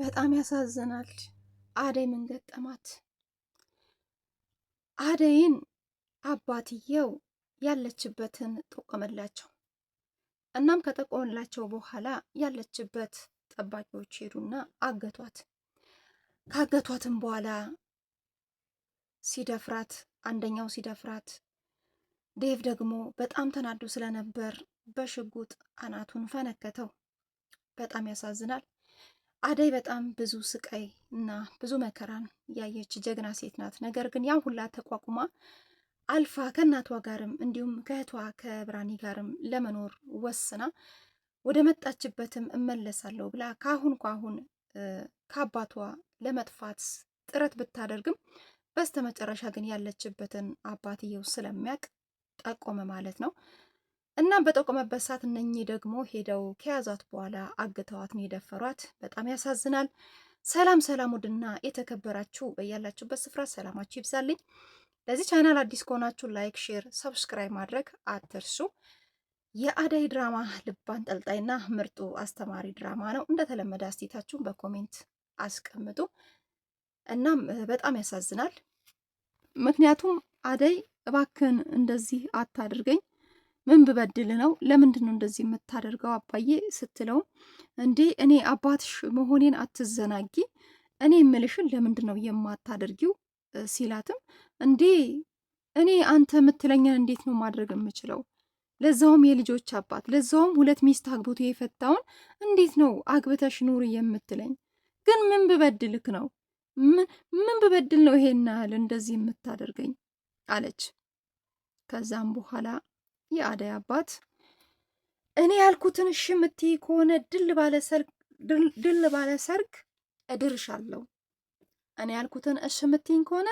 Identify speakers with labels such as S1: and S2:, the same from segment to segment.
S1: በጣም ያሳዝናል። አደይ ምን ገጠማት? አደይን አባትየው ያለችበትን ጠቆመላቸው። እናም ከጠቆመላቸው በኋላ ያለችበት ጠባቂዎች ሄዱና አገቷት። ካገቷትም በኋላ ሲደፍራት አንደኛው ሲደፍራት፣ ዴቭ ደግሞ በጣም ተናዶ ስለነበር በሽጉጥ አናቱን ፈነከተው። በጣም ያሳዝናል። አደይ በጣም ብዙ ስቃይ እና ብዙ መከራን ያየች ጀግና ሴት ናት። ነገር ግን ያ ሁላ ተቋቁማ አልፋ ከእናቷ ጋርም እንዲሁም ከእህቷ ከብራኒ ጋርም ለመኖር ወስና ወደ መጣችበትም እመለሳለሁ ብላ ካሁን ካሁን ከአባቷ ለመጥፋት ጥረት ብታደርግም በስተመጨረሻ ግን ያለችበትን አባትየው ስለሚያውቅ ጠቆመ ማለት ነው። እናም በጠቆመበት ሰዓት እነኚህ ደግሞ ሄደው ከያዟት በኋላ አግተዋት ነው የደፈሯት። በጣም ያሳዝናል። ሰላም ሰላም! ውድና የተከበራችሁ በያላችሁበት ስፍራ ሰላማችሁ ይብዛልኝ። ለዚህ ቻናል አዲስ ከሆናችሁ ላይክ፣ ሼር፣ ሰብስክራይብ ማድረግ አትርሱ። የአደይ ድራማ ልብ አንጠልጣይና ምርጡ አስተማሪ ድራማ ነው። እንደተለመደ አስቴታችሁን በኮሜንት አስቀምጡ። እናም በጣም ያሳዝናል። ምክንያቱም አደይ እባክን እንደዚህ አታድርገኝ ምን ብበድል ነው? ለምንድን ነው እንደዚህ የምታደርገው አባዬ ስትለውም እንዴ እኔ አባትሽ መሆኔን አትዘናጊ፣ እኔ የምልሽን ለምንድን ነው የማታደርጊው ሲላትም እንዴ እኔ አንተ የምትለኛን እንዴት ነው ማድረግ የምችለው? ለዛውም የልጆች አባት ለዛውም ሁለት ሚስት አግብቶ የፈታውን እንዴት ነው አግብተሽ ኑሪ የምትለኝ? ግን ምን ብበድልክ ነው? ምን ብበድል ነው ይሄን ያህል እንደዚህ የምታደርገኝ አለች። ከዛም በኋላ የአደይ አባት እኔ ያልኩትን እሺ የምትይ ከሆነ ድል ባለ ሰርግ እድርሻለሁ፣ እኔ ያልኩትን እሺ የምትይኝ ከሆነ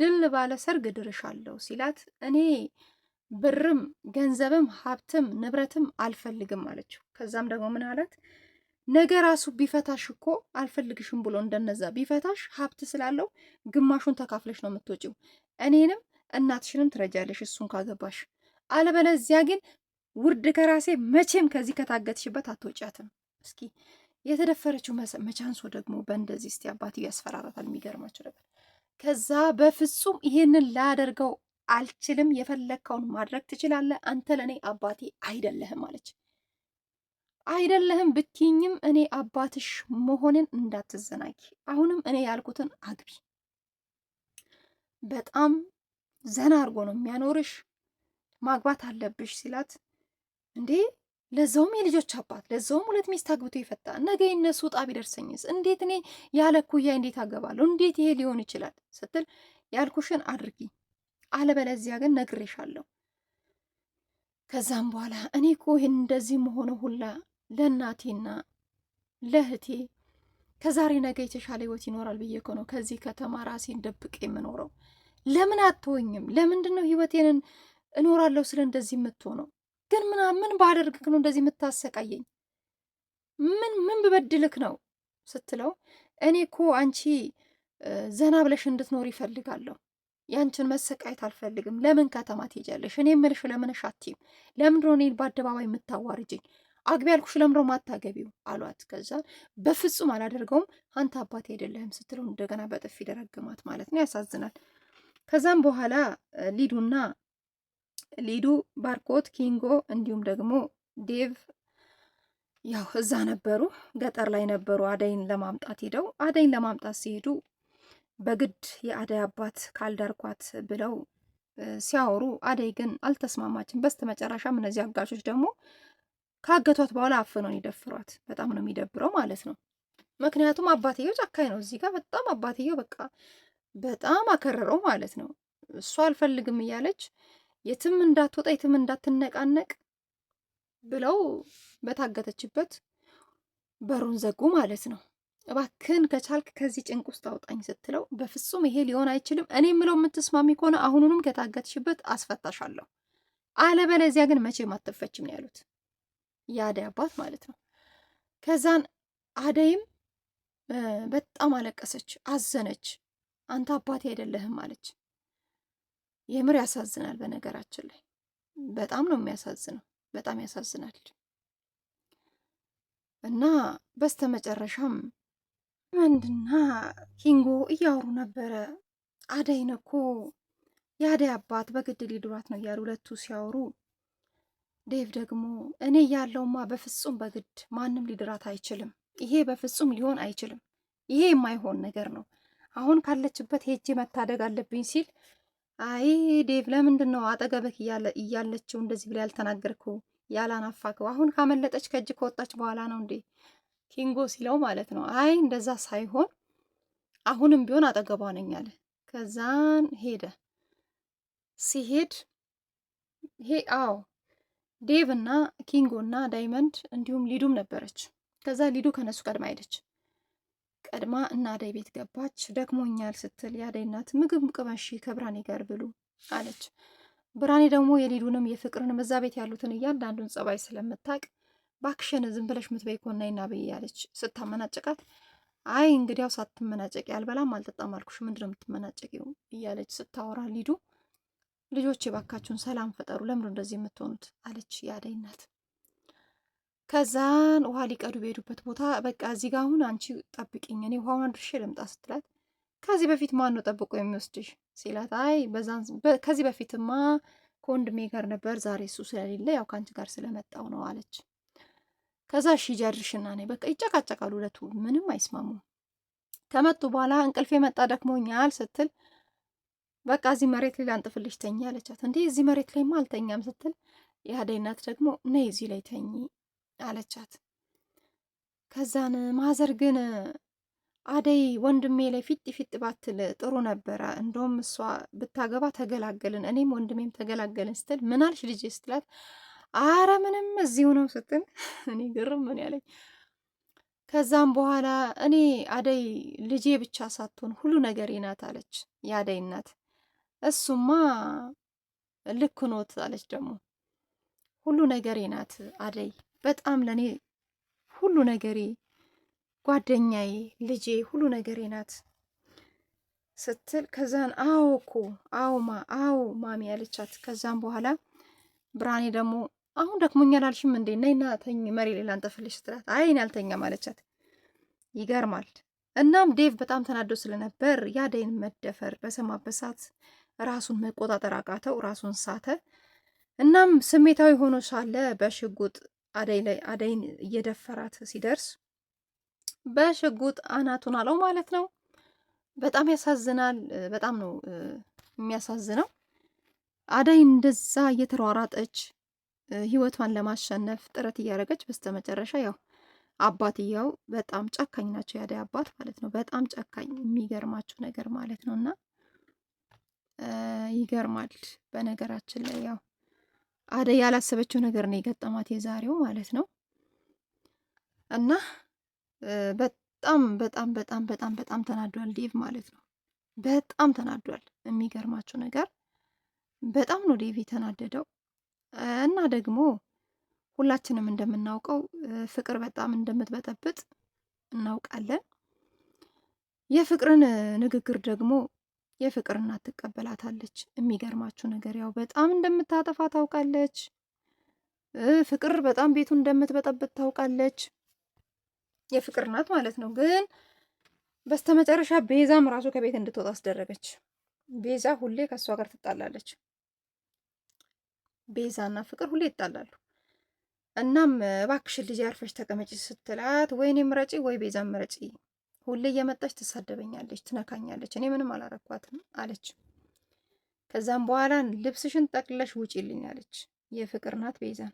S1: ድል ባለ ሰርግ እድርሻለሁ ሲላት እኔ ብርም ገንዘብም ሀብትም ንብረትም አልፈልግም አለችው። ከዛም ደግሞ ምን አላት? ነገ ራሱ ቢፈታሽ እኮ አልፈልግሽም ብሎ እንደነዛ ቢፈታሽ ሀብት ስላለው ግማሹን ተካፍለሽ ነው የምትወጪው። እኔንም እናትሽንም ትረጃለሽ እሱን ካገባሽ አለበለዚያ ግን ውርድ ከራሴ መቼም ከዚህ ከታገትሽበት አትወጫትም። እስኪ የተደፈረችው መቻንሶ ደግሞ በእንደዚህ እስቲ አባትዬ ያስፈራራታል። የሚገርማቸው ነገር ከዛ በፍጹም ይሄንን ላደርገው አልችልም፣ የፈለግከውን ማድረግ ትችላለህ፣ አንተ ለእኔ አባቴ አይደለህም አለች። አይደለህም ብትኝም እኔ አባትሽ መሆንን እንዳትዘናጊ፣ አሁንም እኔ ያልኩትን አግቢ። በጣም ዘና አድርጎ ነው የሚያኖርሽ ማግባት አለብሽ ሲላት እንዴ ለዛውም የልጆች አባት ለዛውም ሁለት ሚስት አግብቶ ይፈታ ነገ የነሱ ዕጣ ቢደርሰኝስ እንዴት እኔ ያለ እኩያ እንዴት አገባለሁ እንዴት ይሄ ሊሆን ይችላል ስትል ያልኩሽን አድርጊ አለበለዚያ ግን ነግሬሻለሁ ከዛም በኋላ እኔ እኮ ይህን እንደዚህ መሆኑ ሁላ ለእናቴና ለእህቴ ከዛሬ ነገ የተሻለ ህይወት ይኖራል ብዬ እኮ ነው ከዚህ ከተማ ራሴን ደብቄ የምኖረው ለምን አትወኝም? ለምንድን ነው ህይወቴንን እኖራለሁ ስለ እንደዚህ የምትሆነው ግን ምና ምን ባደርግክ ነው እንደዚህ የምታሰቃየኝ? ምን ምን ብበድልክ ነው ስትለው እኔ እኮ አንቺ ዘና ብለሽ እንድትኖር ይፈልጋለሁ። ያንቺን መሰቃየት አልፈልግም። ለምን ከተማ ትሄጃለሽ? እኔ የምልሽ ለምን ሻቲም ለምንድን ነው እኔን በአደባባይ የምታዋርጅኝ? አግቢ ያልኩሽ ለምሮ ማታገቢው አሏት። ከዛ በፍጹም አላደርገውም አንተ አባት አይደለህም ስትለው እንደገና በጥፊ ደረግማት ማለት ነው። ያሳዝናል። ከዛም በኋላ ሊዱና ሊዱ፣ ባርኮት፣ ኪንጎ እንዲሁም ደግሞ ዴቭ ያው እዛ ነበሩ፣ ገጠር ላይ ነበሩ አደይን ለማምጣት ሄደው አደይን ለማምጣት ሲሄዱ በግድ የአደይ አባት ካልዳርኳት ብለው ሲያወሩ፣ አደይ ግን በስተ መጨረሻም እነዚህ አጋቾች ደግሞ ካገቷት በኋላ አፍነውን ይደፍሯት። በጣም ነው የሚደብረው ማለት ነው። ምክንያቱም አባትየው ጨካኝ ነው። እዚህ ጋር በጣም አባትየው በቃ በጣም አከረረው ማለት ነው። እሷ አልፈልግም እያለች የትም እንዳትወጣ የትም እንዳትነቃነቅ ብለው በታገተችበት በሩን ዘጉ ማለት ነው። እባክን ከቻልክ ከዚህ ጭንቅ ውስጥ አውጣኝ ስትለው በፍጹም ይሄ ሊሆን አይችልም፣ እኔ የምለው የምትስማሚ ከሆነ አሁኑንም ከታገትሽበት አስፈታሻለሁ፣ አለበለዚያ ግን መቼም አትፈችም ነው ያሉት፣ የአደይ አባት ማለት ነው። ከዛን አደይም በጣም አለቀሰች፣ አዘነች። አንተ አባቴ አይደለህም አለች። የምር ያሳዝናል። በነገራችን ላይ በጣም ነው የሚያሳዝነው። በጣም ያሳዝናል። እና በስተመጨረሻም ምንድና ኪንጎ እያወሩ ነበረ። አደይን እኮ የአደይ አባት በግድ ሊድሯት ነው እያሉ ሁለቱ ሲያወሩ፣ ዴቭ ደግሞ እኔ ያለውማ በፍጹም በግድ ማንም ሊድራት አይችልም። ይሄ በፍጹም ሊሆን አይችልም። ይሄ የማይሆን ነገር ነው። አሁን ካለችበት ሄጄ መታደግ አለብኝ ሲል አይ ዴቭ ለምንድን ነው አጠገብህ እያለችው እንደዚህ ብላ ያልተናገርኩ ያላናፋከው? አሁን ካመለጠች ከእጅ ከወጣች በኋላ ነው እንዴ ኪንጎ ሲለው ማለት ነው። አይ እንደዛ ሳይሆን አሁንም ቢሆን አጠገቧ ነኝ አለ። ከዛን ሄደ። ሲሄድ ሄ አዎ ዴቭ እና ኪንጎ እና ዳይመንድ እንዲሁም ሊዱም ነበረች። ከዛ ሊዱ ከነሱ ቀድማ ሄደች። ቀድማ እና አደይ ቤት ገባች። ደክሞኛል ስትል የአደይ እናት ምግብ ቅመሺ ከብራኔ ጋር ብሉ አለች። ብራኔ ደግሞ የሊዱንም የፍቅርንም እዛ ቤት ያሉትን እያንዳንዱን ጸባይ ስለምታቅ ባክሽን ዝም ብለሽ ምትበይ ኮና ይናብይ ብዬ አለች ስታመናጨቃት፣ አይ እንግዲያው ሳትመናጨቅ ያልበላም አልጠጣም አልኩሽ፣ ምንድን የምትመናጨቂው? እያለች ስታወራ ሊዱ ልጆች የባካችሁን ሰላም ፈጠሩ፣ ለምንድን እንደዚህ የምትሆኑት? አለች የአደይ እናት ከዛን ውሃ ሊቀዱ በሄዱበት ቦታ በቃ እዚህ ጋር አሁን አንቺ ጠብቅኝ፣ እኔ ውሃውን ድርሼ ልምጣ ስትላት ከዚህ በፊት ማን ነው ጠብቆ የሚወስድሽ ሲላት፣ አይ ከዚህ በፊትማ ከወንድሜ ጋር ነበር፣ ዛሬ እሱ ስለሌለ ያው ከአንቺ ጋር ስለመጣው ነው አለች። ከዛ እሺ ሂጂ አድርሽና በቃ ይጨቃጨቃሉ ሁለቱ፣ ምንም አይስማሙም። ከመጡ በኋላ እንቅልፌ መጣ ደክሞኛል ስትል በቃ እዚህ መሬት ላይ ላንጥፍልሽ ተኛ አለቻት። እንዴ እዚህ መሬት ላይማ አልተኛም ስትል የአደይ እናት ደግሞ ነይ እዚህ ላይ ተኚ አለቻት። ከዛን ማዘር ግን አደይ ወንድሜ ላይ ፊጥ ፊጥ ባትል ጥሩ ነበረ፣ እንደውም እሷ ብታገባ ተገላገልን፣ እኔም ወንድሜም ተገላገልን ስትል ምን አልሽ ልጄ ስትላት አረ ምንም እዚሁ ነው ስትል እኔ ግርም ምን ያለኝ። ከዛም በኋላ እኔ አደይ ልጄ ብቻ ሳትሆን ሁሉ ነገር ናት አለች የአደይ እናት። እሱማ ልክ ኖት አለች ደግሞ ሁሉ ነገር ናት አደይ በጣም ለእኔ ሁሉ ነገሬ ጓደኛዬ፣ ልጄ፣ ሁሉ ነገሬ ናት ስትል ከዛን አዎ እኮ አዎ ማ አዎ ማሚ ያለቻት። ከዛም በኋላ ብርሃኔ ደግሞ አሁን ደክሞኛል አልሽም እንዴ? ነይና ተኝ መሪ ሌላ እንጠፍልሽ ስትላት አይ እኔ አልተኛም አለቻት። ይገርማል። እናም ዴቭ በጣም ተናዶ ስለነበር የአደይን መደፈር በሰማበት ሰዓት ራሱን መቆጣጠር አቃተው፣ ራሱን ሳተ። እናም ስሜታዊ ሆኖ ሳለ በሽጉጥ አደይ ላይ አደይን እየደፈራት ሲደርስ በሽጉጥ አናቱን አለው ማለት ነው። በጣም ያሳዝናል። በጣም ነው የሚያሳዝነው። አደይ እንደዛ እየተሯራጠች ህይወቷን ለማሸነፍ ጥረት እያደረገች በስተመጨረሻ ያው አባትየው በጣም ጨካኝ ናቸው፣ የአደይ አባት ማለት ነው። በጣም ጨካኝ የሚገርማችሁ ነገር ማለት ነው እና ይገርማል። በነገራችን ላይ ያው አደይ ያላሰበችው ነገር ነው የገጠማት የዛሬው ማለት ነው። እና በጣም በጣም በጣም በጣም በጣም ተናዷል ዴቭ ማለት ነው። በጣም ተናዷል። የሚገርማችሁ ነገር በጣም ነው ዴቭ የተናደደው። እና ደግሞ ሁላችንም እንደምናውቀው ፍቅር በጣም እንደምትበጠብጥ እናውቃለን። የፍቅርን ንግግር ደግሞ የፍቅር እናት ትቀበላታለች። የሚገርማችሁ ነገር ያው በጣም እንደምታጠፋ ታውቃለች። ፍቅር በጣም ቤቱን እንደምትበጠብጥ ታውቃለች። የፍቅር እናት ማለት ነው። ግን በስተመጨረሻ ቤዛም ራሱ ከቤት እንድትወጣ አስደረገች። ቤዛ ሁሌ ከእሷ ጋር ትጣላለች። ቤዛና ፍቅር ሁሌ ይጣላሉ። እናም እባክሽን ልጅ አርፈሽ ተቀመጪ ስትላት ወይኔ ምረጪ ወይ ቤዛም ምረጪ ሁሌ እየመጣች ትሳደበኛለች፣ ትነካኛለች፣ እኔ ምንም አላረኳትም አለች። ከዛም በኋላ ልብስሽን ጠቅለሽ ውጪልኝ አለች። የፍቅር ናት ቤዛን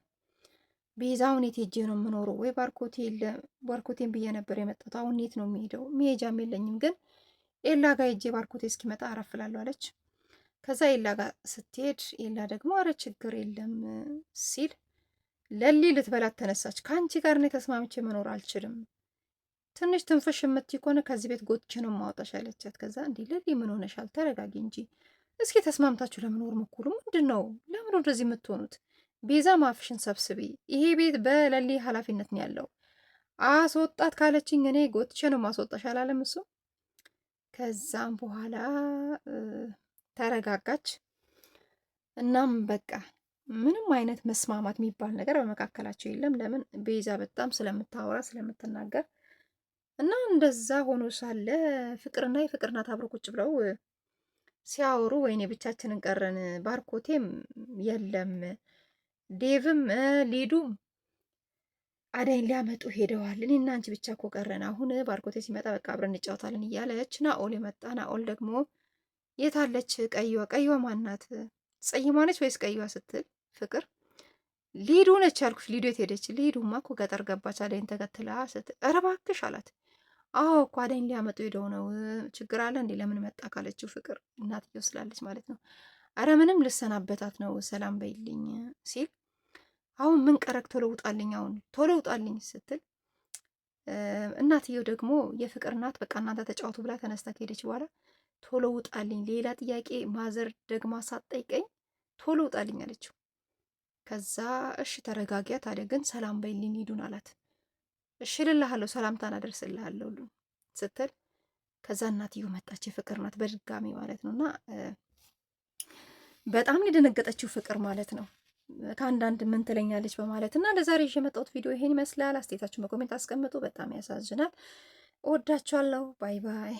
S1: ቤዛ አሁን የት ሄጄ ነው የምኖረው? ወይ ባርኮቴን ብዬ ነበር የመጣሁት። አሁን የት ነው የሚሄደው? መሄጃም የለኝም፣ ግን ኤላ ጋ ሄጄ ባርኮቴ እስኪመጣ አረፍላለሁ አለች። ከዛ ኤላ ጋ ስትሄድ ኤላ ደግሞ አረ ችግር የለም ሲል ለሊ ልትበላት ተነሳች። ከአንቺ ጋር እኔ ተስማምቼ መኖር አልችልም ትንሽ ትንፍሽ የምትይ ከሆነ ከዚህ ቤት ጎትቼ ነው ማወጣሽ አለቻት። ከዛ እንዲ ልል ምን ሆነሻል? ተረጋጊ እንጂ እስኪ ተስማምታችሁ ለመኖር መኩሉ ምንድን ነው ለምን ወደዚህ የምትሆኑት? ቤዛ ማፍሽን ሰብስቢ፣ ይሄ ቤት በለሊ ኃላፊነት ነው ያለው። አስወጣት ካለችኝ እኔ ጎትቼ ነው ማስወጣሽ አላለም እሱ። ከዛም በኋላ ተረጋጋች። እናም በቃ ምንም አይነት መስማማት የሚባል ነገር በመካከላቸው የለም። ለምን ቤዛ በጣም ስለምታወራ ስለምትናገር እና እንደዛ ሆኖ ሳለ ፍቅርና የፍቅር እናት አብሮ ቁጭ ብለው ሲያወሩ ወይኔ ብቻችንን ቀረን፣ ባርኮቴም የለም፣ ዴቭም ሊዱም አደይን ሊያመጡ ሄደዋል። እኔና አንቺ ብቻ እኮ ቀረን። አሁን ባርኮቴ ሲመጣ በቃ አብረን እንጫወታለን እያለች ናኦል የመጣ ናኦል ደግሞ የታለች ቀይዋ? ቀይዋ ማናት? ጸይሟ ነች ወይስ ቀይዋ ስትል ፍቅር ሊዱ ነች ያልኩሽ። ሊዱ የት ሄደች? ሊዱማ እኮ ገጠር ገባች አደይን ተከትላ ስትል፣ ኧረ እባክሽ አላት። አዎ እኮ አደይን ሊያመጡ ሄደው ነው። ችግር አለ እንዴ? ለምን መጣ ካለችው ፍቅር እናትየው ስላለች ማለት ነው። አረ ምንም ልሰናበታት ነው፣ ሰላም በይልኝ ሲል አሁን ምን ቀረግ ቶሎ ውጣልኝ፣ አሁን ቶሎ ውጣልኝ ስትል እናትየው ደግሞ የፍቅር እናት በቃ እናንተ ተጫወቱ ብላ ተነስታ ከሄደች በኋላ ቶሎ ውጣልኝ፣ ሌላ ጥያቄ ማዘር ደግማ ሳትጠይቀኝ ቶሎ ውጣልኝ አለችው። ከዛ እሺ ተረጋጊያ፣ ታዲያ ግን ሰላም በይልኝ ሂዱን አላት። እሺ እልልሃለሁ፣ ሰላምታን አደርስልሃለሁ ስትል ከዛ እናትዮ መጣች። ፍቅር ናት በድጋሚ ማለት ነው። እና በጣም የደነገጠችው ፍቅር ማለት ነው። ከአንዳንድ ምን ትለኛለች በማለት እና ለዛሬ የመጣሁት ቪዲዮ ይሄን ይመስላል። አስተያየታችሁን በኮሜንት አስቀምጡ። በጣም ያሳዝናል። እወዳችኋለሁ። ባይ ባይ